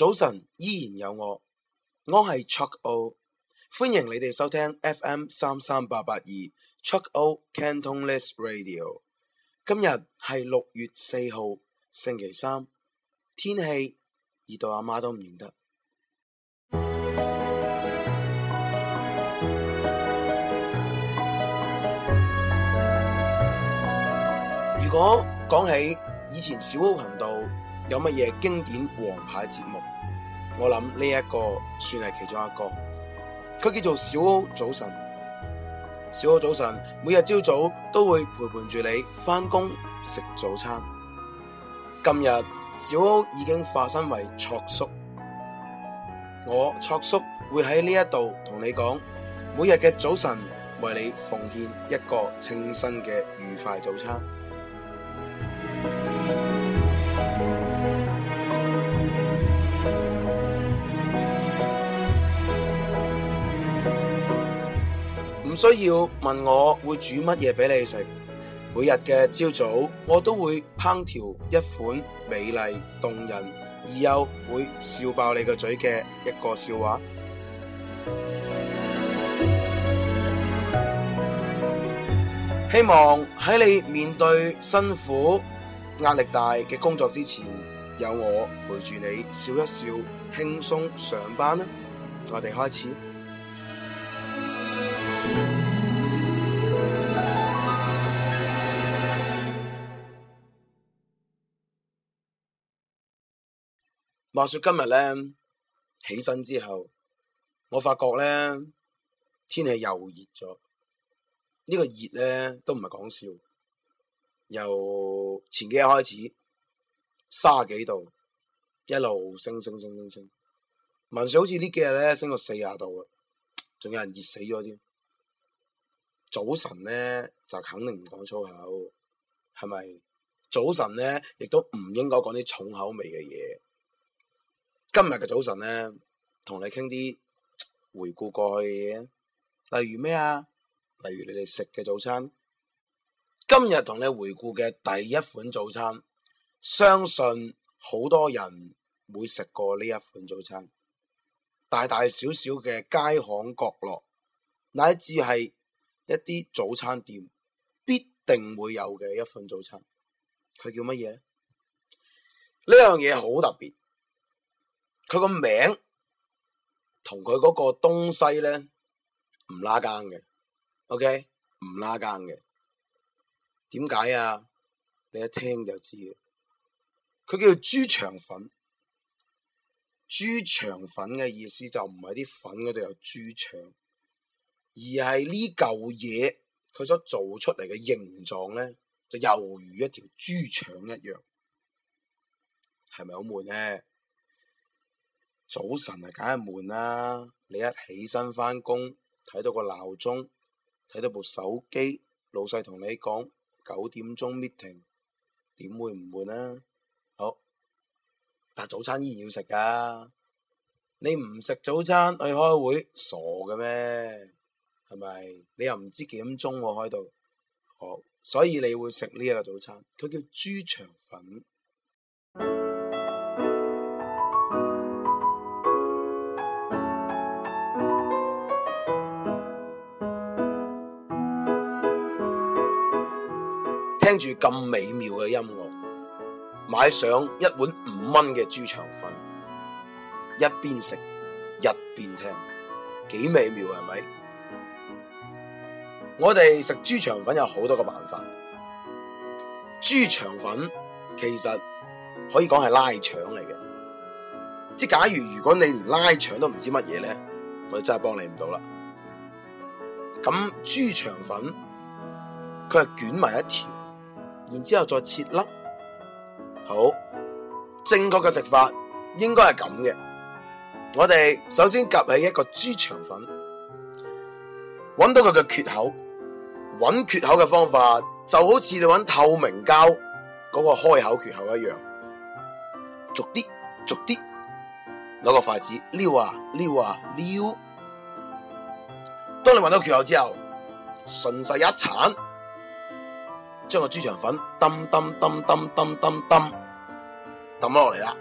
早晨，依然有我。我係 Chuck O，歡迎你哋收聽 FM 三三八八二 Chuck O Cantonese Radio。今日係六月四號，星期三，天氣熱到阿媽都唔認得。如果講起以前小屋頻道，有乜嘢經典王牌節目？我諗呢一個算係其中一個。佢叫做小歐早晨，小歐早晨，每日朝早都會陪伴住你返工食早餐。今日小歐已經化身為卓叔，我卓叔會喺呢一度同你講，每日嘅早晨為你奉獻一個清新嘅愉快早餐。唔需要問我會煮乜嘢俾你食，每日嘅朝早，我都會烹調一款美麗動人而又會笑爆你個嘴嘅一個笑話。希望喺你面對辛苦、壓力大嘅工作之前，有我陪住你笑一笑，輕鬆上班啦啊！我哋開始。話說今日咧，起身之後，我發覺咧，天氣又熱咗，這個、熱呢個熱咧，都唔係講笑。由前幾日開始，卅幾度一路升升升升升，聞說好似呢幾日咧升到四十度啦，仲有人熱死咗添。早晨咧就肯定唔講粗口，係咪？早晨咧亦都唔應該講啲重口味嘅嘢。今日嘅早晨呢，同你傾啲回顧過去嘅嘢，例如咩啊？例如你哋食嘅早餐。今日同你回顧嘅第一款早餐，相信好多人會食過呢一款早餐。大大小小嘅街巷角落，乃至係一啲早餐店，必定會有嘅一款早餐。佢叫乜嘢呢？呢樣嘢好特別。佢個名同佢嗰個東西咧唔拉更嘅，OK 唔拉更嘅。點解啊？你一聽就知嘅。佢叫豬腸粉，豬腸粉嘅意思就唔係啲粉嗰度有豬腸，而係呢嚿嘢佢所做出嚟嘅形狀咧，就猶如一條豬腸一樣，係咪好悶咧？早晨啊，梗係悶啦！你一起身返工，睇到個鬧鐘，睇到部手機，老細同你講九點鐘 meeting，點會唔悶啊？好，但早餐依然要食㗎。你唔食早餐去開會，傻嘅咩？係咪？你又唔知幾點鐘、啊、開到？好，所以你會食呢一個早餐，佢叫豬腸粉。聽住咁美妙嘅音樂，買上一碗五蚊嘅豬腸粉，一邊食一邊聽，幾美妙，係咪？我哋食豬腸粉有好多個辦法。豬腸粉其實可以講係拉腸嚟嘅，即係假如如果你連拉腸都唔知乜嘢咧，我哋真係幫你唔到啦。咁豬腸粉佢係捲埋一條。然之後再切粒，好，正確嘅食法應該係咁嘅。我哋首先夾起一個豬腸粉，揾到佢嘅缺口，揾缺口嘅方法就好似你揾透明膠嗰個開口缺口一樣，逐啲逐啲攞個筷子撩啊撩啊撩。當你揾到缺口之後，順勢一剷。將個豬腸粉掟掟掟掟掟掟掟抌落嚟啦！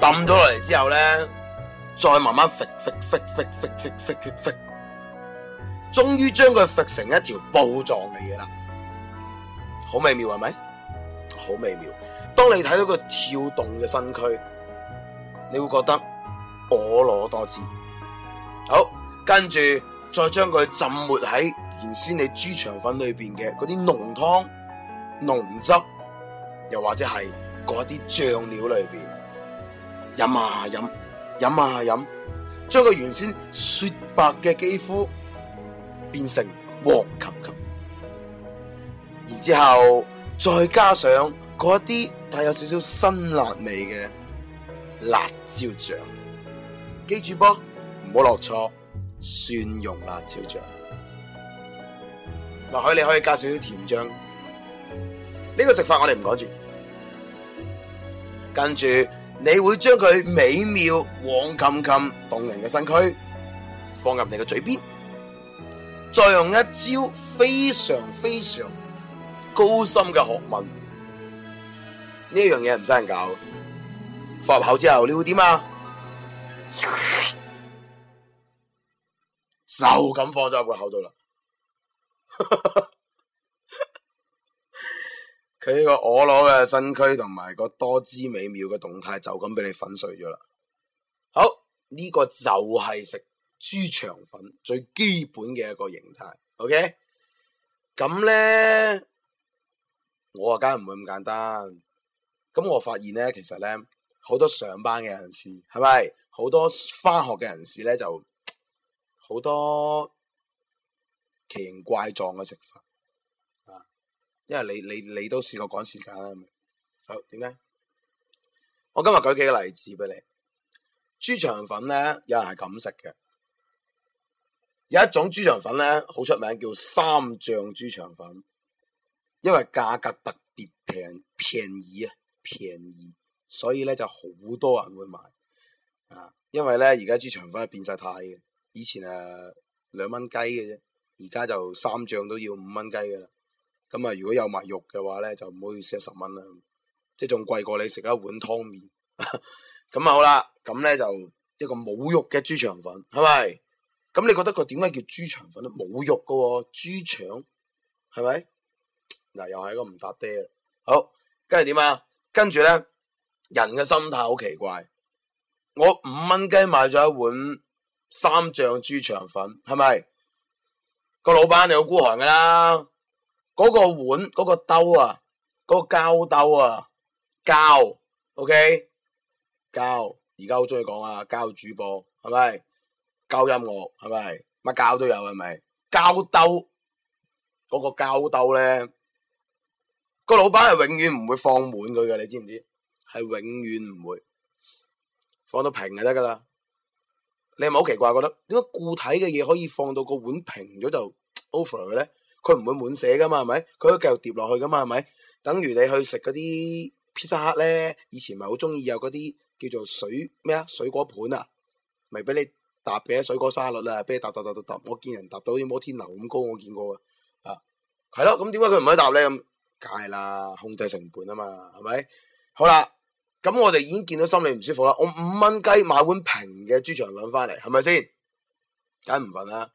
抌咗落嚟之後咧，再慢慢搣搣搣搣搣搣搣搣，終於將佢搣成一條布狀嘅嘢啦。好美妙係咪？好美妙。當你睇到佢跳動嘅身軀，你會覺得婀娜多姿。好，跟住再將佢浸沒喺原先你豬腸粉裏邊嘅嗰啲濃湯、濃汁，又或者係嗰啲醬料裏邊，飲啊飲，飲啊飲，將佢原先雪白嘅肌膚變成黃冚冚，然之後再加上嗰一啲帶有少少辛辣味嘅辣椒醬，記住噃。冇落錯蒜蓉辣椒醬，或許你可以加少少甜醬。呢個食法我哋唔講住，跟住你會將佢美妙、黃琴琴、動人嘅身軀放入你嘅嘴邊，再用一招非常非常高深嘅學問，呢一樣嘢唔使人搞。放入口之後你會點啊？就咁放咗入個口度啦，佢 個婀娜嘅身軀同埋個多姿美妙嘅動態就咁俾你粉碎咗啦。好，呢個就係食豬腸粉最基本嘅一個形態。OK，咁咧我啊梗唔會咁簡單。咁我發現咧，其實咧好多上班嘅人士係咪？好多翻學嘅人士咧就。好多奇形怪狀嘅食法，啊！因為你你你都試過趕時間啦，係咪？好，點解？我今日舉幾個例子俾你。豬腸粉咧，有人係咁食嘅，有一種豬腸粉咧，好出名，叫三醬豬腸粉，因為價格特別平，便宜啊，便宜，所以咧就好多人會買。啊！因為咧，而家豬腸粉係變晒態嘅。以前誒、啊、兩蚊雞嘅啫，而家就三醬都要五蚊雞嘅啦。咁、嗯、啊，如果有埋肉嘅話咧，就唔好意思十蚊啦，即係仲貴過你食一碗湯麵。咁 啊、嗯、好啦，咁、嗯、咧就一個冇肉嘅豬腸粉，係咪？咁你覺得佢點解叫豬腸粉咧？冇肉嘅喎、哦，豬腸係咪？嗱，又係一個唔搭爹啦。好，跟住點啊？跟住咧，人嘅心態好奇怪。我五蚊雞買咗一碗。三醬豬腸粉係咪？個老闆，你好孤寒噶啦。嗰個碗，嗰個兜啊，嗰個膠兜啊，膠，OK？膠，而家好中意講啊，膠主播，係咪？膠音樂，係咪？乜膠都有，係咪？膠兜，嗰個膠兜咧，個老闆係永遠唔會放滿佢嘅，你知唔知？係永遠唔會，放到平就得噶啦。你係咪好奇怪覺得點解固體嘅嘢可以放到個碗平咗就 over 嘅咧？佢唔會滿瀉噶嘛，係咪？佢可以繼續疊落去噶嘛，係咪？等如你去食嗰啲披薩盒咧，以前咪好中意有嗰啲叫做水咩啊水果盤啊，咪俾你搭嘅水果沙律啦，俾你搭搭搭搭搭，我見人搭到好似摩天樓咁高，我見過啊，係咯，咁點解佢唔可以搭咧？咁梗係啦，控制成本啊嘛，係咪？好啦。咁我哋已經見到心裏唔舒服啦！我五蚊雞買碗平嘅豬腸粉翻嚟，係咪先？梗唔瞓啦，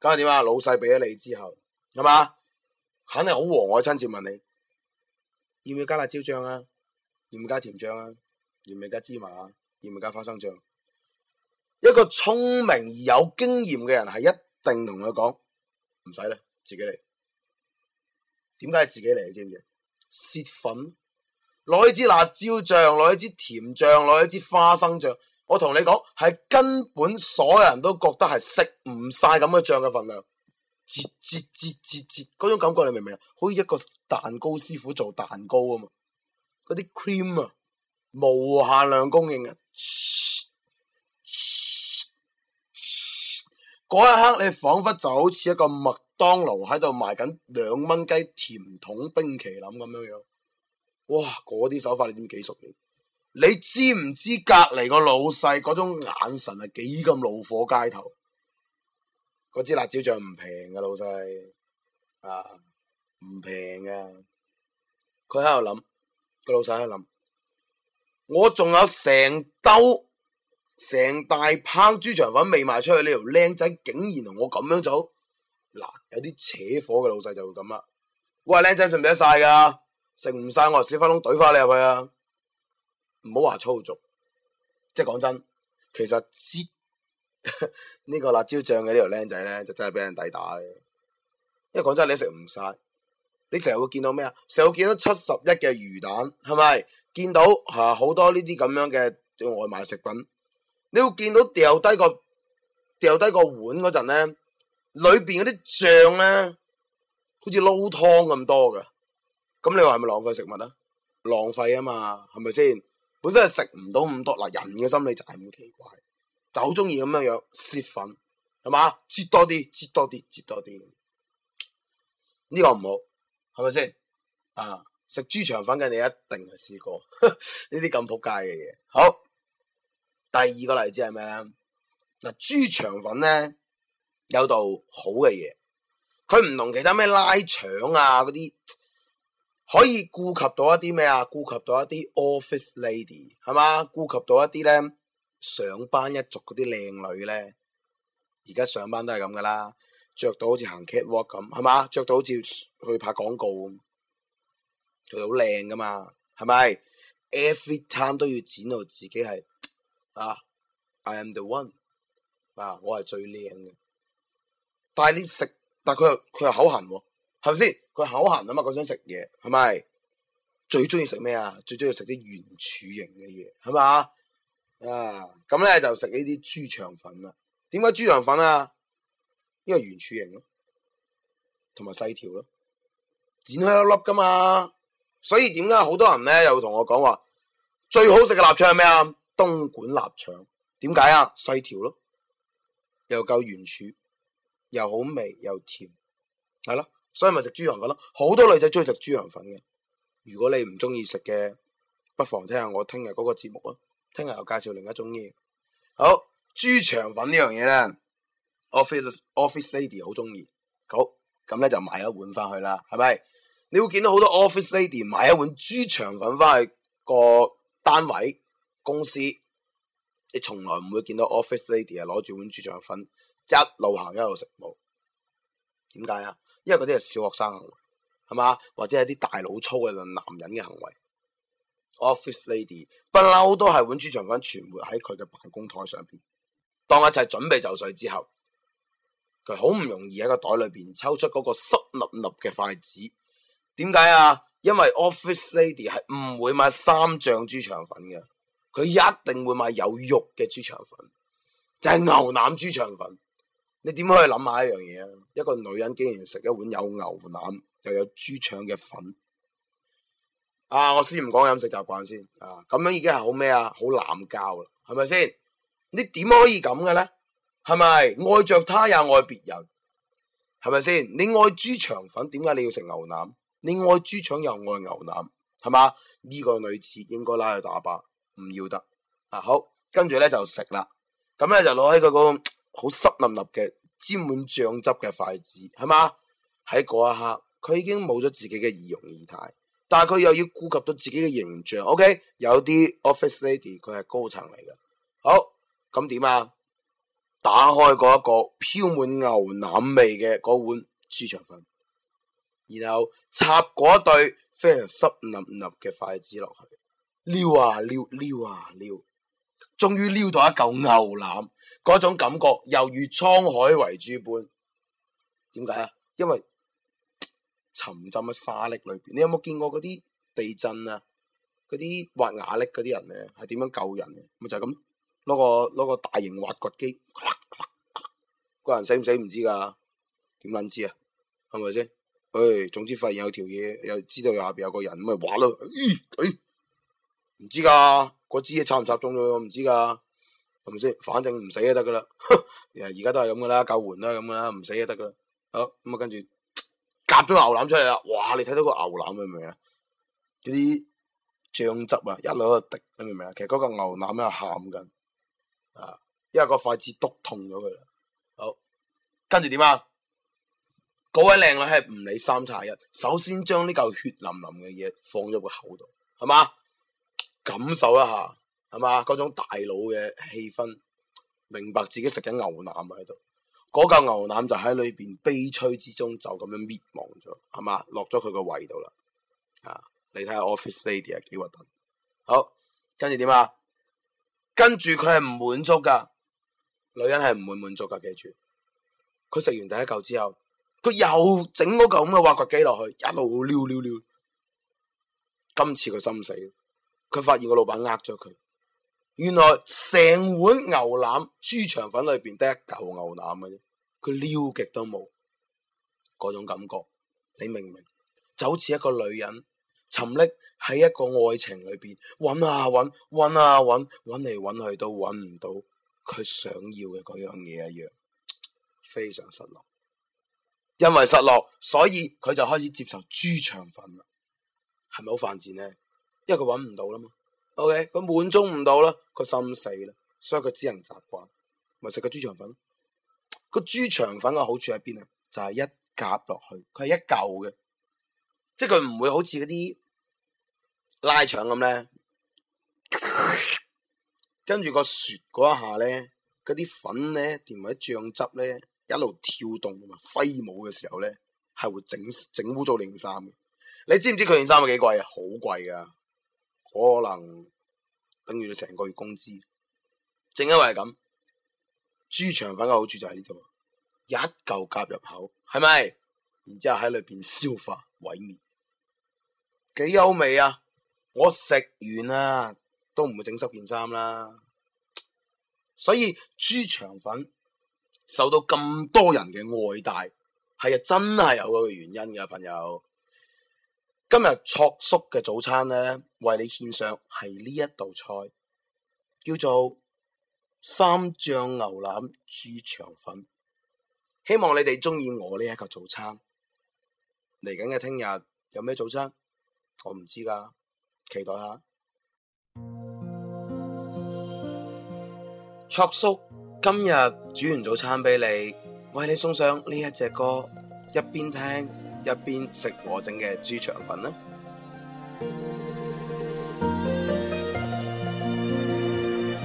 梗係點啊？老細俾咗你之後，係嘛？肯定好和藹，親切問你要唔要加辣椒醬啊？要唔加甜醬啊？要唔要加芝麻啊？要唔要加花生醬？一個聰明而有經驗嘅人係一定同佢講唔使啦，自己嚟。點解係自己嚟？知唔知？蝕粉。攞一支辣椒醬，攞一支甜醬，攞一支花生醬。我同你講，係根本所有人都覺得係食唔晒咁嘅醬嘅份量，節節節節節嗰種感覺你明唔明啊？好似一個蛋糕師傅做蛋糕啊嘛，嗰啲 cream 啊，無限量供應嘅啊。嗰一刻你仿佛就好似一個麥當勞喺度賣緊兩蚊雞甜筒冰淇淋咁樣樣。哇！嗰啲手法你點幾熟嘅？你知唔知隔籬個老細嗰種眼神係幾咁怒火街頭？嗰支辣椒醬唔平嘅，老細，啊唔平嘅。佢喺度諗，個老細喺度諗，我仲有成兜、成大包豬腸粉未賣出去，呢條靚仔竟然同我咁樣做。嗱，有啲扯火嘅老細就會咁啦。喂，靚仔食唔食得晒噶？食唔晒，我話小花窿懟翻你入去啊！唔好話粗俗，即係講真，其實接呢個辣椒醬嘅呢條僆仔咧，就真係俾人抵打嘅。因為講真，你食唔晒，你成日會見到咩啊？成日會見到七十一嘅魚蛋，係咪？見到吓好多啊呢啲咁樣嘅外賣食品，你會見到掉低個掉低個碗嗰陣咧，裏邊嗰啲醬咧，好似撈湯咁多㗎。咁你話係咪浪費食物啊？浪費啊嘛，係咪先？本身係食唔到咁多嗱，人嘅心理就係咁奇怪，就好中意咁樣樣蝕粉，係嘛？蝕多啲，蝕多啲，蝕多啲，呢個唔好，係咪先？啊，食豬腸粉嘅你一定係試過呢啲咁扑街嘅嘢。好，第二個例子係咩咧？嗱，豬腸粉咧有道好嘅嘢，佢唔同其他咩拉腸啊嗰啲。可以顧及到一啲咩啊？顧及到一啲 office lady 係嘛？顧及到一啲咧上班一族嗰啲靚女咧，而家上班都係咁噶啦，着到好似行 catwalk 咁係嘛？着到好似去拍廣告，佢好靚噶嘛？係咪？Every time 都要剪到自己係啊，I am the one 啊，我係最靚嘅。但係你食，但係佢又佢又口痕喎、啊。係咪先？佢口痕啊嘛，佢想食嘢，係咪？最中意食咩啊？最中意食啲圓柱形嘅嘢，係咪？啊，咁咧就食呢啲豬腸粉啦。點解豬腸粉啊？因為圓柱形咯，同埋細條咯，剪開一粒噶嘛。所以點解好多人咧又同我講話最好食嘅臘腸係咩啊？東莞臘腸。點解啊？細條咯，又夠圓柱，又好味又甜，係咯。所以咪食豬腸粉咯，好多女仔中意食豬腸粉嘅。如果你唔中意食嘅，不妨聽下我聽日嗰個節目啊。聽日又介紹另一種嘢。好，豬腸粉呢樣嘢咧，office office lady 好中意。好，咁咧就買一碗翻去啦，係咪？你會見到好多 office lady 買一碗豬腸粉翻去個單位公司，你從來唔會見到 office lady 啊攞住碗豬腸粉一路行一路食冇。點解啊？因為嗰啲係小學生行為，係嘛？或者係啲大老粗嘅男人嘅行為。Office lady 不嬲都係碗豬腸粉全活喺佢嘅辦公台上邊，當一切準備就緒之後，佢好唔容易喺個袋裏邊抽出嗰個濕粒粒嘅筷子。點解啊？因為 Office lady 係唔會買三醬豬腸粉嘅，佢一定會買有肉嘅豬腸粉，就係牛腩豬腸粉。你點可以諗下一樣嘢啊？一個女人竟然食一碗有牛腩又有豬腸嘅粉啊！我先唔講飲食習慣先啊，咁樣已經係好咩啊？好濫交啦，係咪先？你點可以咁嘅咧？係咪愛着他也愛別人？係咪先？你愛豬腸粉，點解你要食牛腩？你愛豬腸又愛牛腩，係嘛？呢個女子應該拉去打靶，唔要得。啊，好，跟住咧就食啦。咁咧就攞起佢嗰個。好濕淋淋嘅沾滿醬汁嘅筷子係嘛？喺嗰一刻，佢已經冇咗自己嘅儀容儀態，但係佢又要顧及到自己嘅形象。OK，有啲 office lady 佢係高層嚟嘅。好，咁點啊？打開嗰一個飄滿牛腩味嘅嗰碗豬腸粉，然後插嗰對非常濕淋淋嘅筷子落去，撩啊撩，撩啊撩，啊。終於撩到一嚿牛腩，嗰種感覺又如滄海為主般。點解啊？因為沉浸喺沙粒裏邊。你有冇見過嗰啲地震啊？嗰啲挖瓦礫嗰啲人咧，係點樣救人嘅？咪就係咁攞個攞個大型挖掘機，個、呃呃呃、人死唔死唔知㗎，點捻知啊？係咪先？唉、哎，總之發現有條嘢，有知道下邊有個人，咁咪挖咯。呃呃呃唔知噶，嗰支嘢插唔插中咗？我唔知噶，係咪先？反正唔死就得噶啦。而家都係咁噶啦，救援都係咁噶啦，唔死就得噶啦。好咁啊，跟住夾咗牛腩出嚟啦。哇！你睇到個牛腩明唔明啊？啲醬汁啊，一落啊滴，你明唔明啊？其實嗰個牛腩喺度喊緊啊，因為個筷子篤痛咗佢啦。好，跟住點啊？嗰位靚女係唔理三七一，首先將呢嚿血淋淋嘅嘢放咗個口度，係嘛？感受一下，係嘛，嗰種大佬嘅氣氛，明白自己食緊牛腩喺度，嗰嚿牛腩就喺裏邊悲催之中就咁樣滅亡咗，係嘛，落咗佢個胃度啦。啊，你睇下 Office Lady 啊，幾核突？好，跟住點啊？跟住佢係唔滿足噶，女人係唔會滿足噶，記住。佢食完第一嚿之後，佢又整嗰嚿咁嘅挖掘機落去，一路溜溜溜，溜溜溜，今次佢心死。佢發現個老闆呃咗佢，原來成碗牛腩豬腸粉裏邊得一嚿牛腩嘅啫，佢撩極都冇嗰種感覺，你明唔明？就好似一個女人沉溺喺一個愛情裏邊，揾啊揾，揾啊揾，揾嚟揾去都揾唔到佢想要嘅嗰樣嘢一樣，非常失落。因為失落，所以佢就開始接受豬腸粉啦。係咪好犯賤呢？因為佢揾唔到啦嘛，OK，佢滿足唔到啦，佢心死啦，所以佢只能習慣，咪食個豬腸粉咯。個豬腸粉嘅好處喺邊啊？就係一夾落去，佢係一嚿嘅，即係佢唔會好似嗰啲拉腸咁咧， 跟住個雪嗰一下咧，嗰啲粉咧同埋啲醬汁咧一路跳動同埋飛舞嘅時候咧，係會整整污糟你件衫嘅。你知唔知佢件衫係幾貴啊？好貴噶！可能等於你成個月工資，正因為係咁，豬腸粉嘅好處就喺呢度，一嚿夾入口，係咪？然之後喺裏邊消化毀滅，幾優美啊！我食完啊，都唔會整濕件衫啦。所以豬腸粉受到咁多人嘅愛戴，係啊，真係有嗰個原因㗎，朋友。今日卓叔嘅早餐呢，為你獻上係呢一道菜，叫做三醬牛腩豬腸粉。希望你哋中意我呢一個早餐。嚟緊嘅聽日有咩早餐，我唔知㗎，期待下。卓叔今日煮完早餐俾你，為你送上呢一隻歌，一邊聽。一邊食我整嘅豬腸粉呢，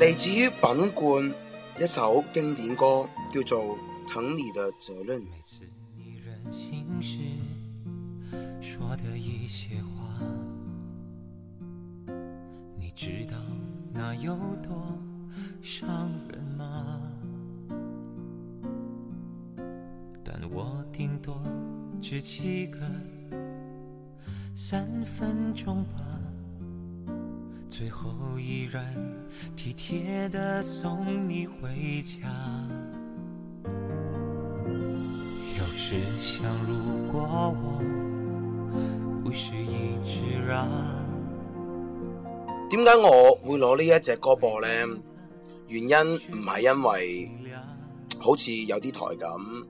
嚟自於品冠一首經典歌，叫做《疼你的責任》。說的一些話，你知道那有多傷人嗎？只七個三分鐘吧。最後依然體貼地送你回家。點解我會攞呢一隻歌播呢？原因唔係因為好似有啲台咁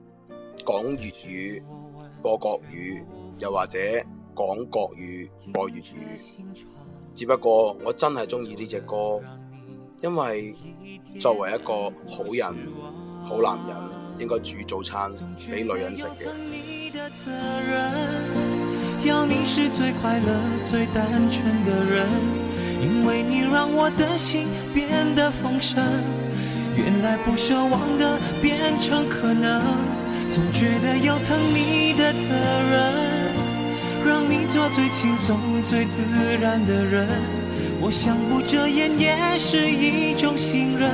講粵語。播國語，又或者講國語，播粵語。只不過我真係中意呢隻歌，因為作為一個好人、好男人，應該煮早餐俾女人食嘅。要你是最快樂，最單純的人，因為你讓我的心變得豐盛，原來不奢望的變成可能，我覺得有疼你你的責任，讓你做最輕鬆最自然的人。我想，不遮掩，也是一種信任。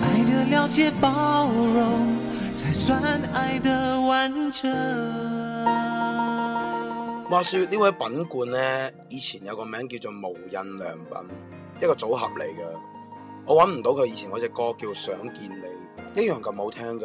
愛得了解，包容，才算愛得完整。話說呢位品冠呢，以前有個名叫做無印良品，一個組合嚟嘅。我揾唔到佢以前嗰隻歌叫《想見你》，一樣咁好聽嘅。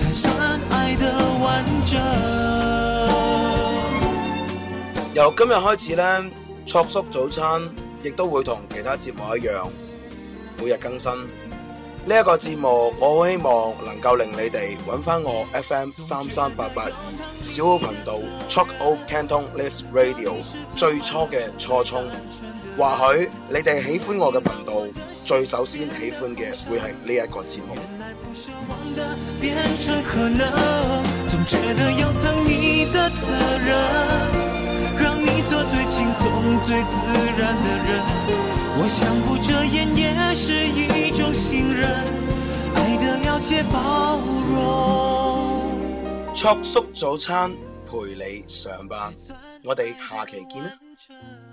才算愛得完整。由今日開始呢，卓叔早餐亦都會同其他節目一樣，每日更新。呢一個節目，我好希望能夠令你哋揾翻我 FM 三三八八二小號頻道 Chok O Canton List Radio 最初嘅初衷，或許你哋喜歡我嘅頻道，最首先喜歡嘅會係呢一個節目。原來不我想不遮掩也是一種信任，愛得了解，包容，速速早餐陪你上班， 我哋下期見啦！